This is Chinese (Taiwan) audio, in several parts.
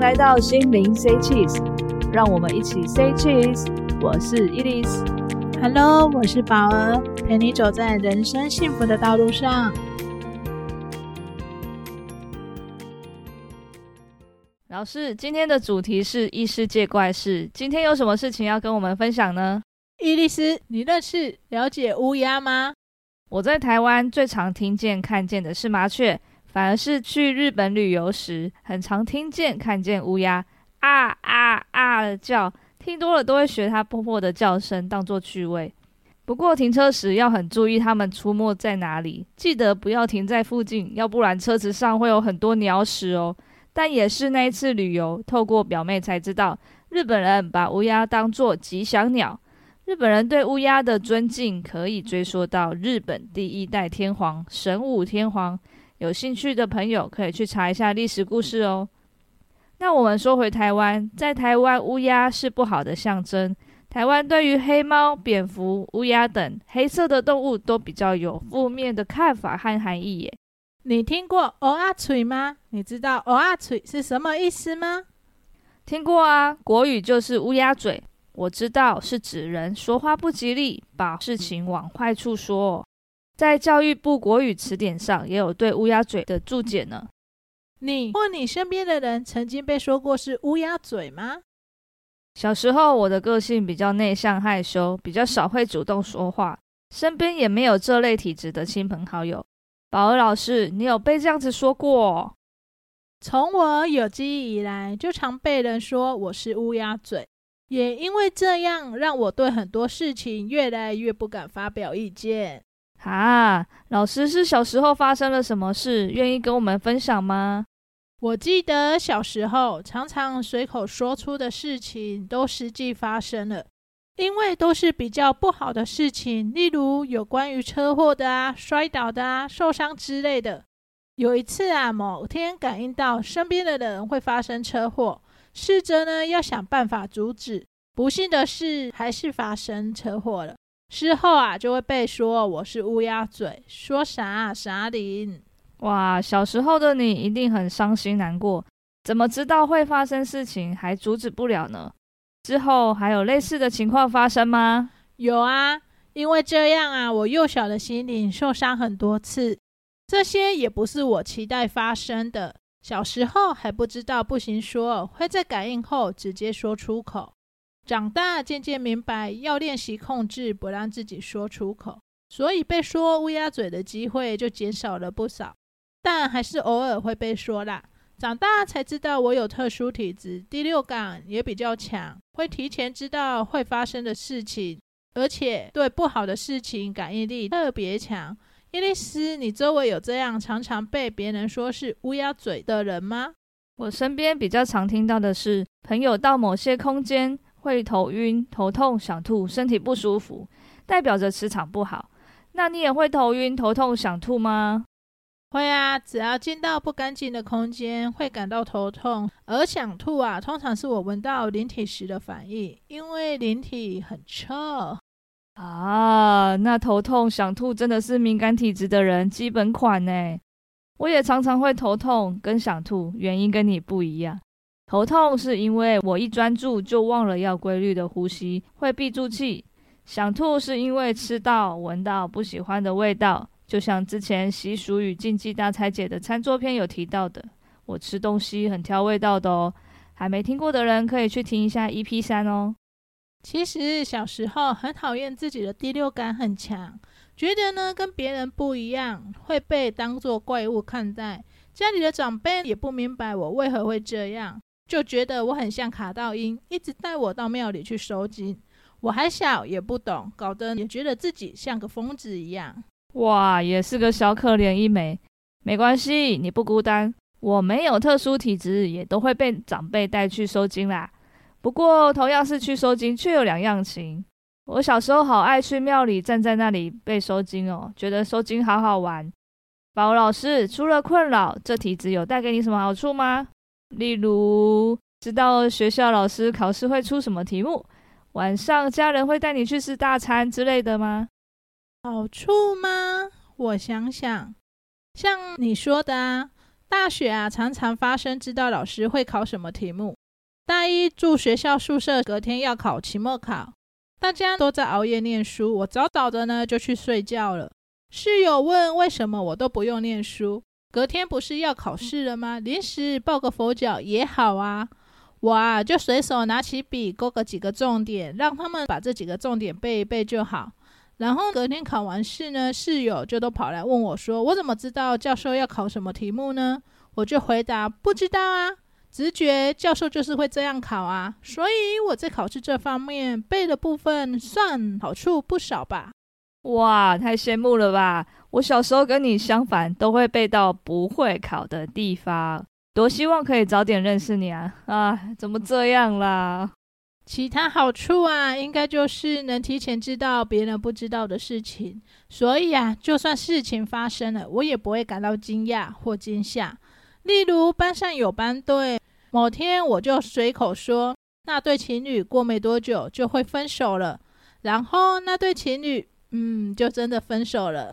來到心靈，say cheese，讓我們一起 say cheese。我是伊莉絲，Hello，我是寶兒，陪你走在人生幸福的道路上。老師，今天的主題是異世界怪事，今天有什麼事情要跟我們分享呢？伊莉絲，你認識了解烏鴉嗎？我在台灣最常聽見、看見的是麻雀。反而是去日本旅遊時，很常聽見看見烏鴉啊啊啊的叫，聽多了都會學它破破的叫聲當作趣味。不過停車時要很注意它們出沒在哪裡，記得不要停在附近，要不然車子上會有很多鳥屎哦。但也是那一次旅遊，透過表妹才知道，日本人把烏鴉當作吉祥鳥。日本人對烏鴉的尊敬可以追溯到日本第一代天皇，神武天皇。有興趣的朋友可以去查一下歷史故事哦。那我們說回台灣，在台灣烏鴉是不好的象徵。台灣對於黑貓、蝙蝠、烏鴉等黑色的動物都比較有負面的看法和含義耶。你聽過“烏鴉嘴”嗎？你知道“烏鴉嘴”是什麼意思嗎？聽過啊，國語就是烏鴉嘴。我知道是指人說話不吉利，把事情往壞處說哦。在教育部國語詞典上也有對“烏鴉嘴”的注解呢。你或你身邊的人曾經被說過是烏鴉嘴嗎？小時候我的個性比較內向害羞，比較少會主動說話，身邊也沒有這類體質的親朋好友。寶兒老師，你有被這樣子說過？從我有記憶以來，就常被人說我是烏鴉嘴，也因為這樣，讓我對很多事情越來越不敢發表意見。啊，老師是小時候發生了什麼事？願意跟我們分享嗎？我記得小時候常常隨口說出的事情，都實際發生了，因為都是比較不好的事情，例如有關於車禍的啊、摔倒的啊、受傷之類的。有一次啊，某天感應到身邊的人會發生車禍，試着呢，要想辦法阻止，不幸的是還是發生車禍了。事後啊，就會被說我是烏鴉嘴，說啥啥靈。傻林哇，小時候的你一定很傷心難過。怎麼知道會發生事情還阻止不了呢？之後還有類似的情況發生嗎？有啊，因為這樣啊，我幼小的心靈受傷很多次。這些也不是我期待發生的。小時候還不知道不行說，說會在感應後直接說出口。長大漸漸明白，要練習控制，不讓自己說出口，所以被說烏鴉嘴的機會就減少了不少。但還是偶爾會被說啦。長大才知道，我有特殊體質，第六感也比較強，會提前知道會發生的事情，而且對不好的事情感應力特別強。伊莉絲，你周圍有這樣常常被別人說是烏鴉嘴的人嗎？我身邊比較常聽到的是朋友到某些空間。會頭暈、頭痛、想吐、身體不舒服，代表着磁場不好。那你也會頭暈、頭痛、想吐嗎？會啊，只要進到不乾淨的空間，會感到頭痛而想吐啊。通常是我聞到靈體時的反應，因為靈體很臭啊。那頭痛想吐真的是敏感體質的人基本款呢。我也常常會頭痛跟想吐，原因跟你不一樣。頭痛是因為我一專注就忘了要規律的呼吸，會憋住氣；想吐是因為吃到聞到不喜歡的味道，就像之前《習俗與禁忌大拆解》的餐桌篇有提到的，我吃東西很挑味道的哦。還沒聽過的人可以去聽一下 EP3 哦。其實小時候很討厭自己的第六感很強，覺得呢跟別人不一樣，會被當做怪物看待。家裡的長輩也不明白我為何會這樣。就覺得我很像卡到陰，一直帶我到廟裡去收驚。我還小，也不懂，搞得也覺得自己像個瘋子一樣。哇，也是個小可憐一枚。沒關係，你不孤單。我沒有特殊體質，也都會被長輩帶去收驚啦。不過同樣是去收驚，卻有兩樣情。我小時候好愛去廟裡，站在那裡被收驚哦，覺得收驚好好玩。寶老師，除了困擾，這體質有帶給你什麼好處嗎？例如，知道學校老師考試會出什麼題目，晚上家人會帶你去吃大餐之類的嗎？好處嗎？我想想，像你說的啊，大學啊常常發生，知道老師會考什麼題目。大一住學校宿舍，隔天要考期末考，大家都在熬夜念書，我早早的呢就去睡覺了。室友問為什麼我都不用念書。隔天不是要考試了嗎？臨時抱個佛腳也好啊。我啊就隨手拿起筆勾個幾個重點，讓他們把這幾個重點背一背就好。然後隔天考完試呢，室友就都跑來問我說，說我怎麼知道教授要考什麼題目呢？我就回答不知道啊，直覺教授就是會這樣考啊，所以我在考試這方面背的部分算好處不少吧。哇，太羨慕了吧！我小時候跟你相反，都會背到不會考的地方。多希望可以早點認識你啊！啊，怎麼這樣啦？其他好處啊，應該就是能提前知道別人不知道的事情。所以啊，就算事情發生了，我也不會感到驚訝或驚嚇。例如班上有班對，某天我就隨口說那對情侶過沒多久就會分手了，然後那對情侶嗯就真的分手了。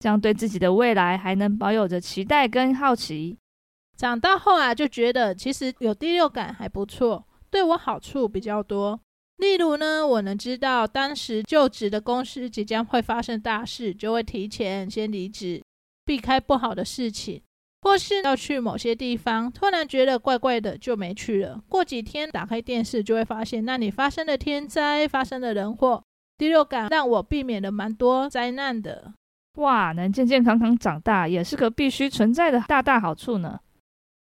這樣對自己的未來還能保有着期待跟好奇。長大後啊，就覺得其實有第六感還不錯，對我好處比較多。例如呢，我能知道當時就職的公司即將會發生大事，就會提前先離職，避開不好的事情；或是要去某些地方，突然覺得怪怪的，就沒去了。過幾天打開電視，就會發現那裡發生了天災，發生了人禍。第六感讓我避免了蠻多災難的。哇，能健健康康長大也是個必須存在的大大好處呢。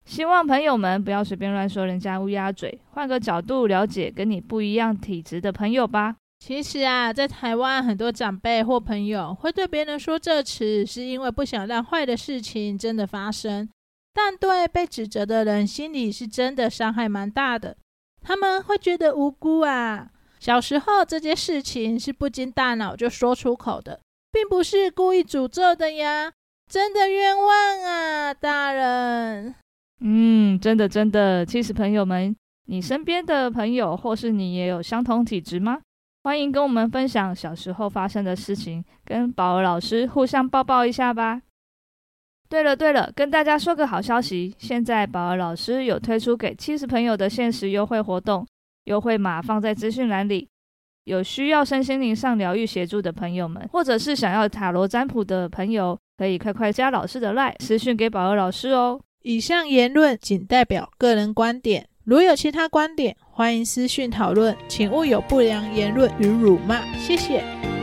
希望朋友們不要隨便亂說人家烏鴉嘴，換個角度了解跟你不一樣體質的朋友吧。其實啊，在台灣很多長輩或朋友會對別人說這詞，是因為不想讓壞的事情真的發生，但對被指責的人心裡是真的傷害蠻大的。他們會覺得無辜啊，小時候這件事情是不經大腦就說出口的。並不是故意詛咒的呀，真的冤枉啊，大人！嗯，真的真的，起司朋友們，你身邊的朋友或是你也有相同體質嗎？歡迎跟我們分享小時候發生的事情，跟寶兒老師互相抱抱一下吧。對了對了，跟大家說個好消息，現在寶兒老師有推出給起司朋友的限時優惠活動，優惠碼放在資訊欄裡。有需要身心靈上療癒協助的朋友們，或者是想要塔羅占卜的朋友，可以快快加老師的 Line，私訊給寶兒老師哦。以上言論僅代表個人觀點，如有其他觀點，歡迎私訊討論，請勿有不良言論與辱罵，謝謝。